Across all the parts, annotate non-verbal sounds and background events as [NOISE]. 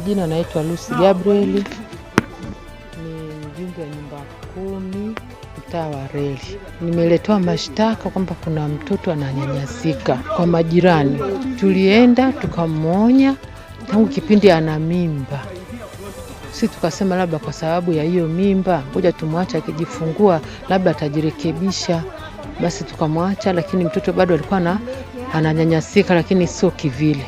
majina anaitwa Lucy Gabriel, ni mjumbe wa nyumba kumi mtaa wa Reli. Nimeletewa mashtaka kwamba kuna mtoto ananyanyasika kwa majirani. Tulienda tukamwonya tangu kipindi ana mimba, si tukasema labda kwa sababu ya hiyo mimba, ngoja tumwache akijifungua, labda atajirekebisha. Basi tukamwacha, lakini mtoto bado alikuwa ananyanyasika, lakini sio kivile.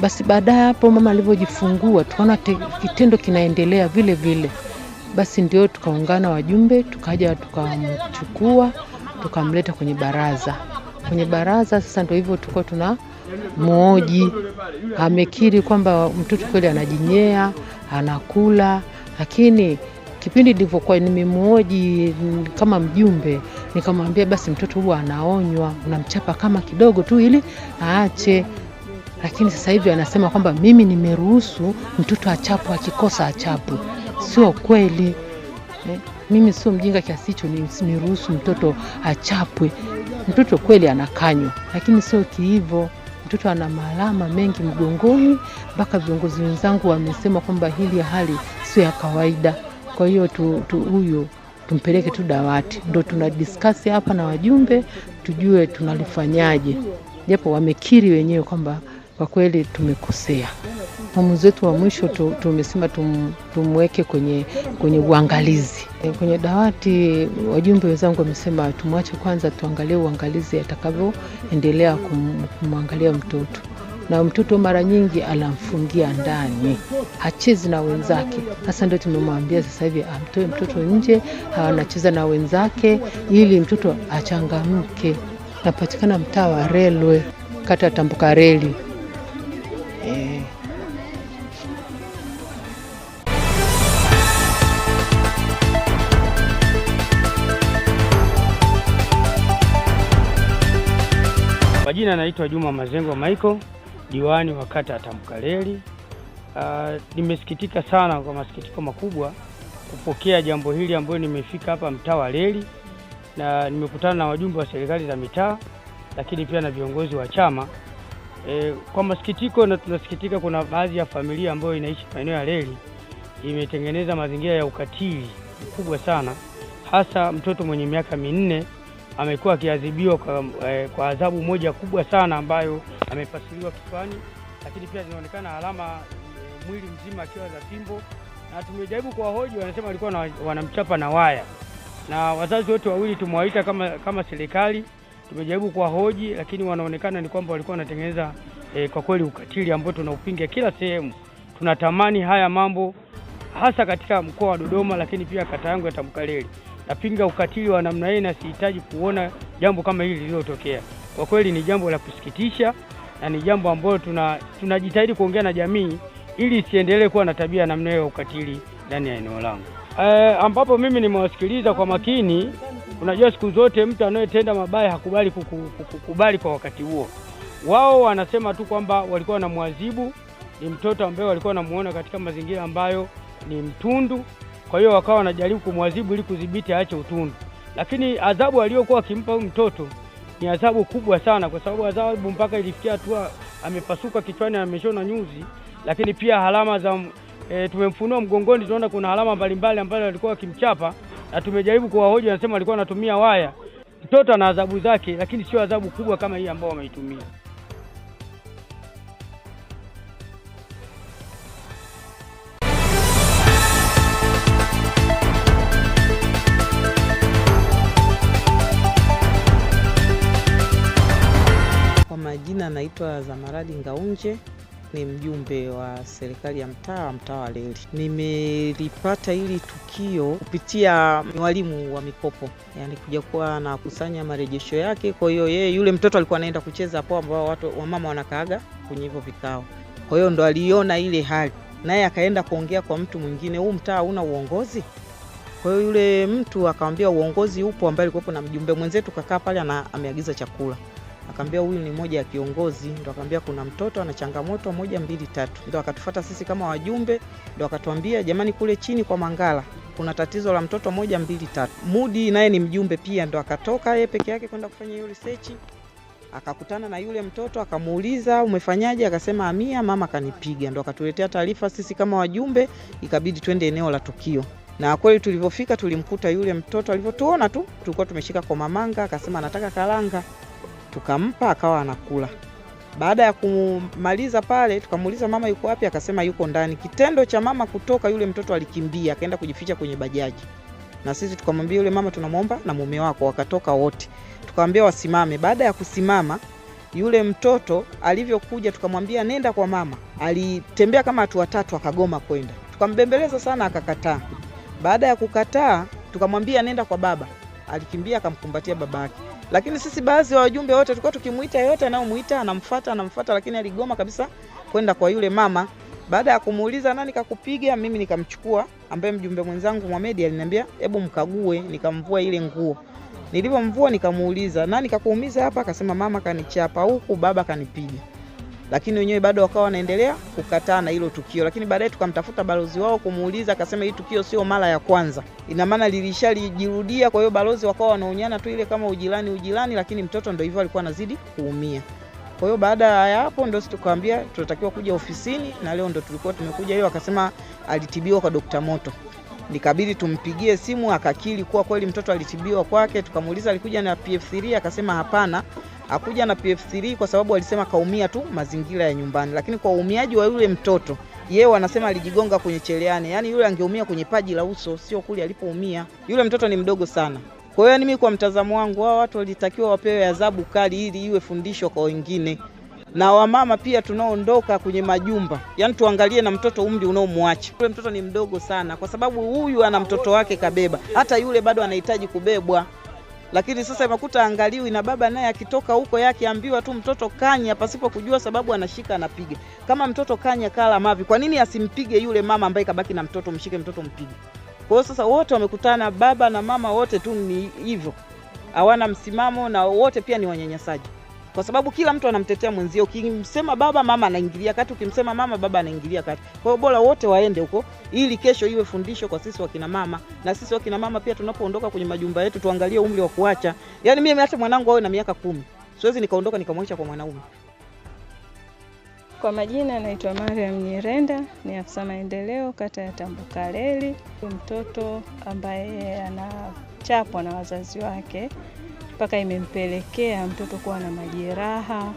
Basi baadaye hapo mama alivyojifungua, tukaona kitendo kinaendelea vile vile. Basi ndio tukaungana wajumbe, tukaja tukamchukua, tukamleta kwenye baraza. Kwenye baraza sasa ndio hivyo, tuko tuna mwoji amekiri kwamba mtoto kweli anajinyea, anakula, lakini kipindi nilivyokuwa nimemuoji kama mjumbe, nikamwambia basi mtoto huwa anaonywa, unamchapa kama kidogo tu ili aache lakini sasa hivi anasema kwamba mimi nimeruhusu mtoto achapu, akikosa achapu. Sio kweli eh? Mimi sio mjinga kiasi hicho niruhusu mtoto achapwe. Mtoto kweli anakanywa, lakini sio kihivo Mtoto ana malama mengi mgongoni, mpaka viongozi wenzangu wamesema kwamba hili hali sio ya kawaida. Kwa hiyo tu, tu huyo tumpeleke tu dawati, ndo tuna diskasi hapa na wajumbe tujue tunalifanyaje, japo wamekiri wenyewe kwamba kwa kweli tumekosea. Mwamuzi wetu wa mwisho tumesema tum, tumweke kwenye, kwenye uangalizi e, kwenye dawati. Wajumbe wenzangu wamesema tumwache kwanza, tuangalie uangalizi atakavyoendelea kumwangalia mtoto na mtoto mara nyingi anamfungia ndani, hachezi na wenzake. Sasa ndio tumemwambia sasa hivi amtoe mtoto nje, anacheza na wenzake ili mtoto achangamke. Napatikana mtaa wa Relwe, kata ya Reli. Eh. Kwa jina naitwa Juma Mazengo Michael, diwani wa kata ya Tambukareli. Uh, ah, nimesikitika sana kwa masikitiko makubwa kupokea jambo hili ambayo nimefika hapa mtaa wa Leli na nimekutana na wajumbe wa serikali za mitaa, lakini pia na viongozi wa chama E, kwa masikitiko na tunasikitika, kuna baadhi ya familia ambayo inaishi maeneo ya reli imetengeneza mazingira ya ukatili mkubwa sana, hasa mtoto mwenye miaka minne amekuwa akiadhibiwa kwa, e, kwa adhabu moja kubwa sana ambayo amepasuliwa kifani, lakini pia zinaonekana alama e, mwili mzima akiwa za fimbo, na tumejaribu kuwahoji, wanasema walikuwa wanamchapa na waya, na wazazi wote wawili tumewaita kama, kama serikali tumejaribu hoji lakini wanaonekana ni kwamba walikuwa wanatengeneza e, kwa kweli ukatili ambao tunaupinga kila sehemu. Tunatamani haya mambo hasa katika mkoa wa Dodoma, lakini pia kata yangu ya Tamkaleli, Napinga ukatili wa namna hii na sihitaji kuona jambo kama hili lililotokea. Kwa kweli ni jambo la kusikitisha na ni jambo ambalo tunajitahidi tuna kuongea na jamii ili isiendelee kuwa na tabia namna hiyo ya ukatili ndani ya eneo langu. E, ambapo mimi nimewasikiliza kwa makini Unajua siku zote mtu anayetenda mabaya hakubali kukubali kwa wakati huo. Wao wanasema tu kwamba walikuwa na mwazibu ni mtoto ambaye walikuwa wanamuona katika mazingira ambayo ni mtundu, kwa hiyo wakawa wanajaribu kumwadhibu ili kudhibiti aache utundu, lakini adhabu aliyokuwa akimpa huyu mtoto ni adhabu kubwa sana, kwa sababu adhabu mpaka ilifikia hatua amepasuka kichwani, ameshona nyuzi, lakini pia alama za e, tumemfunua mgongoni, tunaona kuna alama mbalimbali ambazo alikuwa akimchapa na tumejaribu kuwahoji, wanasema walikuwa wanatumia waya. Mtoto ana adhabu zake, lakini sio adhabu kubwa kama hii ambao wameitumia. Kwa majina anaitwa Zamaradi Ngaunje ni mjumbe wa serikali ya mtaa mtaa wa Leli. Nimelipata hili tukio kupitia mwalimu wa mikopo, yani kuja kuwa anakusanya marejesho yake. Kwa hiyo yeye, yule mtoto alikuwa anaenda kucheza hapo, ambao watu wamama wanakaaga kwenye hivyo vikao, kwa hiyo ndo aliona ile hali, naye akaenda kuongea kwa mtu mwingine, huu mtaa una uongozi kwa hiyo yule mtu akamwambia uongozi upo, ambaye alikuwepo na mjumbe mwenzetu kakaa pale na ameagiza chakula akaambia huyu ni moja ya kiongozi, ndo akaambia kuna mtoto ana changamoto moja mbili tatu, ndo akatufata sisi kama wajumbe, ndo akatuambia jamani, kule chini kwa Mangala kuna tatizo la mtoto moja mbili tatu. Mudi naye ni mjumbe pia, ndo akatoka yeye peke yake kwenda kufanya hiyo research, akakutana na yule mtoto akamuuliza, umefanyaje? Akasema amia, mama kanipiga. Ndo akatuletea taarifa sisi kama wajumbe, ikabidi twende eneo la tukio na kweli tulivyofika, tulimkuta yule mtoto. Alivyotuona tu tulikuwa tumeshika kwa mamanga akasema anataka kalanga tukampa akawa anakula. Baada ya kumaliza pale, tukamuuliza mama yuko wapi, akasema yuko ndani. Kitendo cha mama kutoka, yule mtoto alikimbia akaenda kujificha kwenye bajaji, na sisi tukamwambia yule mama, tunamwomba na mume wako. Wakatoka wote, tukamwambia wasimame. Baada ya kusimama, yule mtoto alivyokuja, tukamwambia nenda kwa mama, alitembea kama watu watatu, akagoma kwenda. Tukambembeleza sana, akakataa. Baada ya kukataa, tukamwambia nenda kwa baba, alikimbia akamkumbatia baba yake. Lakini sisi baadhi ya wajumbe wote tulikuwa tukimuita yeyote anaomuita anamfuata anamfuata, lakini aligoma kabisa kwenda kwa yule mama. Baada ya kumuuliza nani kakupiga, mimi nikamchukua, ambaye mjumbe mwenzangu Mohamed aliniambia hebu mkague, nikamvua ile nguo. Nilipomvua nikamuuliza nani kakuumiza hapa, akasema mama kanichapa huku, baba kanipiga lakini wenyewe bado wakawa wanaendelea kukataa na hilo tukio, lakini baadaye tukamtafuta balozi wao kumuuliza, akasema hii tukio sio mara ya kwanza, ina maana lilishalijirudia. Kwa hiyo balozi wakawa wanaonyana tu ile kama ujirani ujirani, lakini mtoto ndio hivyo alikuwa anazidi kuumia. Kwa hiyo baada ya hapo ndo tukaambia tunatakiwa kuja ofisini, na leo ndo tulikuwa tumekuja leo. Akasema alitibiwa kwa Dokta Moto, nikabidi tumpigie simu, akakiri kuwa kweli mtoto alitibiwa kwake. Tukamuuliza alikuja na PF3, akasema hapana hakuja na PF3 kwa sababu alisema kaumia tu mazingira ya nyumbani, lakini kwa uumiaji wa yule mtoto yeye wanasema alijigonga kwenye cheleane, yaani yule angeumia kwenye paji la uso, sio kule alipoumia. Yule mtoto ni mdogo sana. Kwa hiyo yaani mimi kwa mtazamo wangu, hao watu walitakiwa wapewe adhabu kali, ili iwe fundisho kwa wengine na wamama pia tunaoondoka kwenye majumba, yaani tuangalie na mtoto umri unaomwacha. Yule mtoto ni mdogo sana, kwa sababu huyu ana mtoto wake kabeba, hata yule bado anahitaji kubebwa lakini sasa imekuta angaliwi na baba naye akitoka huko yakiambiwa tu mtoto kanya, pasipo kujua sababu, anashika anapiga. Kama mtoto kanya kala mavi, kwa nini asimpige yule mama ambaye kabaki na mtoto? Mshike mtoto mpige. Kwa hiyo sasa wote wamekutana, baba na mama, wote tu ni hivyo, hawana msimamo na wote pia ni wanyanyasaji kwa sababu kila mtu anamtetea mwenzie. Ukimsema baba, mama anaingilia kati, ukimsema mama, baba anaingilia kati. Kwa hiyo bora wote waende huko, ili kesho iwe fundisho kwa sisi wakina mama. Na sisi wakina mama pia tunapoondoka kwenye majumba yetu, tuangalie umri wa kuacha. Yani mimi hata mwanangu awe na miaka kumi, siwezi nikaondoka nikamwacha kwa mwanaume. Kwa majina naitwa Mariam Nyirenda, ni afisa maendeleo kata ya Tambukareli. Mtoto ambaye anachapwa na wazazi wake mpaka imempelekea mtoto kuwa na majeraha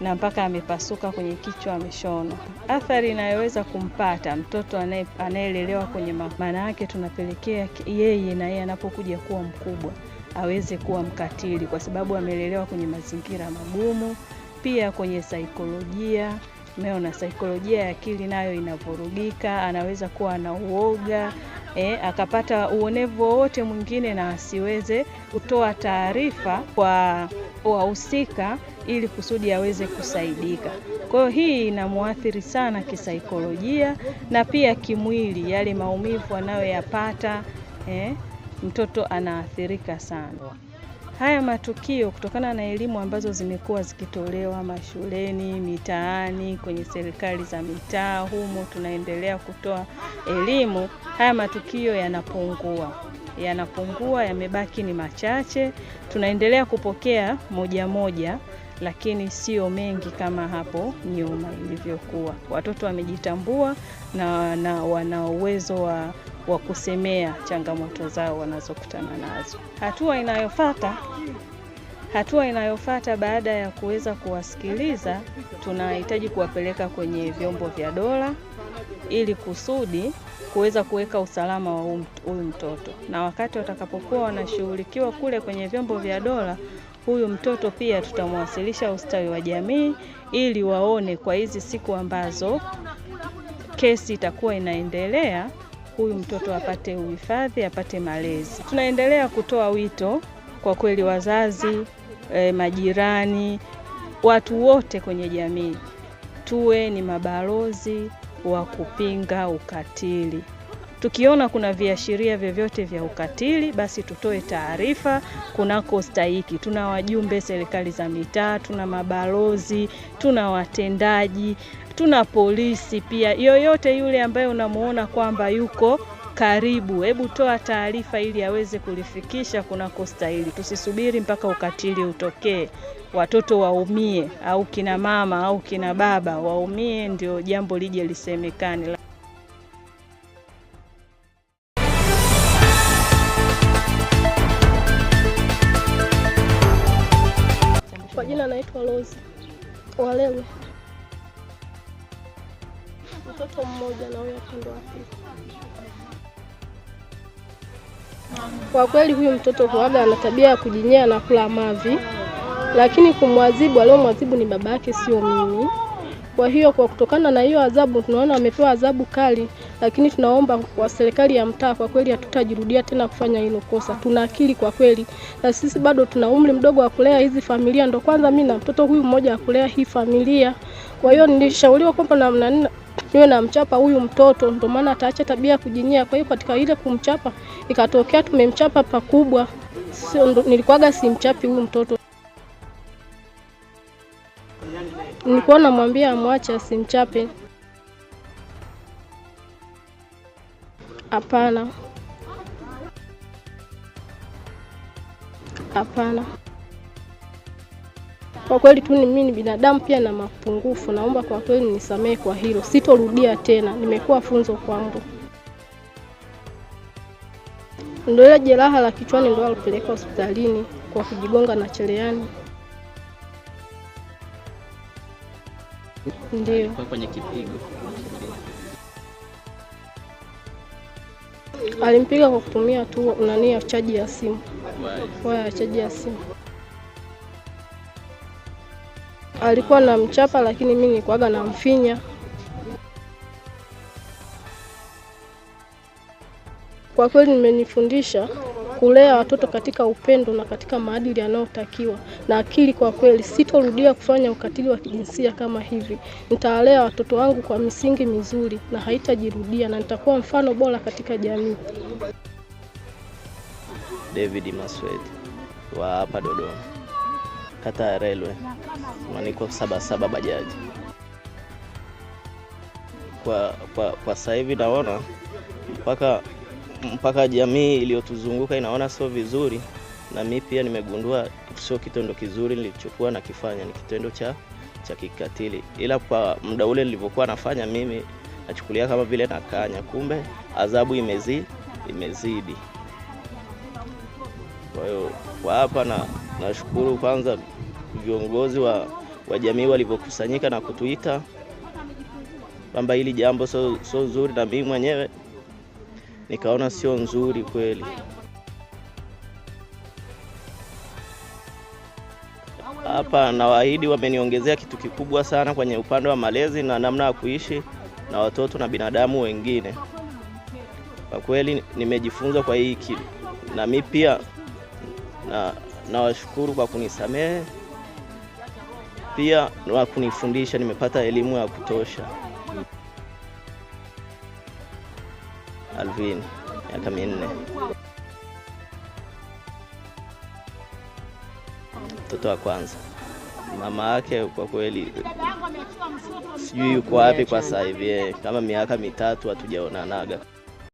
na mpaka amepasuka kwenye kichwa, ameshona. Athari inayoweza kumpata mtoto anayelelewa kwenye maana yake, tunapelekea yeye na yeye anapokuja kuwa mkubwa aweze kuwa mkatili, kwa sababu amelelewa kwenye mazingira magumu. Pia kwenye saikolojia, umeona saikolojia ya akili nayo inavurugika, anaweza kuwa na uoga e, akapata uonevu wowote mwingine na asiweze kutoa taarifa kwa wahusika ili kusudi aweze kusaidika. Kwa hiyo hii inamwathiri sana kisaikolojia na pia kimwili, yale maumivu anayoyapata eh, mtoto anaathirika sana haya matukio kutokana na elimu ambazo zimekuwa zikitolewa mashuleni, mitaani, kwenye serikali za mitaa humo, tunaendelea kutoa elimu, haya matukio yanapungua, yanapungua, yamebaki ni machache. Tunaendelea kupokea moja moja, lakini sio mengi kama hapo nyuma ilivyokuwa. Watoto wamejitambua na, na wana uwezo wa wa kusemea changamoto zao wanazokutana nazo. Hatua inayofata hatua inayofata baada ya kuweza kuwasikiliza, tunahitaji kuwapeleka kwenye vyombo vya dola ili kusudi kuweza kuweka usalama wa huyu mtoto, na wakati watakapokuwa wanashughulikiwa kule kwenye vyombo vya dola, huyu mtoto pia tutamwasilisha ustawi wa jamii ili waone kwa hizi siku ambazo kesi itakuwa inaendelea huyu mtoto apate uhifadhi, apate malezi. Tunaendelea kutoa wito kwa kweli, wazazi e, majirani, watu wote kwenye jamii tuwe ni mabalozi wa kupinga ukatili. Tukiona kuna viashiria vyovyote vya ukatili, basi tutoe taarifa kunako stahiki. Tuna wajumbe serikali za mitaa, tuna mabalozi, tuna watendaji, tuna polisi pia. Yoyote yule ambaye unamuona kwamba yuko karibu, hebu toa taarifa ili aweze kulifikisha stahili Tusisubiri mpaka ukatili utokee, watoto waumie, au kina mama au kina baba waumie, ndio jambo lije lisemekane. walewe [LAUGHS] mtoto mmoja na huyo kando yake. Kwa kweli huyu mtoto huaga ana tabia ya kujinyea na kula mavi, lakini kumwadhibu, aliomwadhibu ni baba yake, sio mimi. Kwa hiyo kwa kutokana na hiyo adhabu, tunaona wamepewa adhabu kali, lakini tunaomba kwa serikali ya mtaa, kwa kweli hatutajirudia tena kufanya hilo kosa. Tuna akili kwa kweli, na sisi bado tuna umri mdogo wa kulea hizi familia, ndo kwanza mimi na mtoto huyu mmoja wa kulea hii familia. Kwa hiyo nilishauriwa kwamba namna niwe namchapa huyu mtoto, ndo maana ataacha tabia ya kujinyia. Kwa hiyo katika ile kumchapa, ikatokea tumemchapa pakubwa, sio nilikuwaga simchapi huyu mtoto. Nilikuwa namwambia amwache asimchape. Hapana, hapana. Kwa kweli tu mimi ni binadamu pia na mapungufu. Naomba kwa kweli nisamehe kwa hilo, sitorudia tena. Nimekuwa funzo kwangu. Ndio ile jeraha la kichwani ndio alipeleka hospitalini kwa kujigonga na cheleani. Ndio. Alikuwa kwenye kipigo. Alimpiga kwa kutumia tu nani ya chaji ya simu, waya ya chaji ya simu. Alikuwa na mchapa, lakini mimi nilikuwaga na mfinya kwa kweli, nimenifundisha kulea watoto katika upendo na katika maadili yanayotakiwa na akili. Kwa kweli, sitorudia kufanya ukatili wa kijinsia kama hivi. Nitawalea watoto wangu kwa misingi mizuri na haitajirudia, na nitakuwa mfano bora katika jamii. David Masweti wa hapa Dodoma, kata ya Relwe, maniko sabasaba bajaji. Kwa, kwa, kwa sasa hivi naona mpaka mpaka jamii iliyotuzunguka inaona sio vizuri, na mi pia nimegundua sio kitendo kizuri nilichokuwa nakifanya, ni kitendo cha cha kikatili, ila kwa muda ule nilivyokuwa nafanya mimi nachukulia kama vile nakanya, kumbe adhabu imezi, imezidi. Kwa hiyo kwa hapa na nashukuru kwanza viongozi wa, wa jamii walivyokusanyika na kutuita kwamba hili jambo sio so zuri, na mimi mwenyewe nikaona sio nzuri kweli. Hapa nawaahidi wameniongezea kitu kikubwa sana kwenye upande wa malezi na namna ya kuishi na watoto na binadamu wengine. Kwa kweli nimejifunza kwa hii na mi pia nawashukuru kwa kunisamehe pia na kunifundisha. Nimepata elimu ya kutosha. ishirini hata minne. Mtoto wa kwanza, mama yake kwa kweli sijui yuko wapi kwa sasa hivi, kama miaka mitatu hatujaonanaga.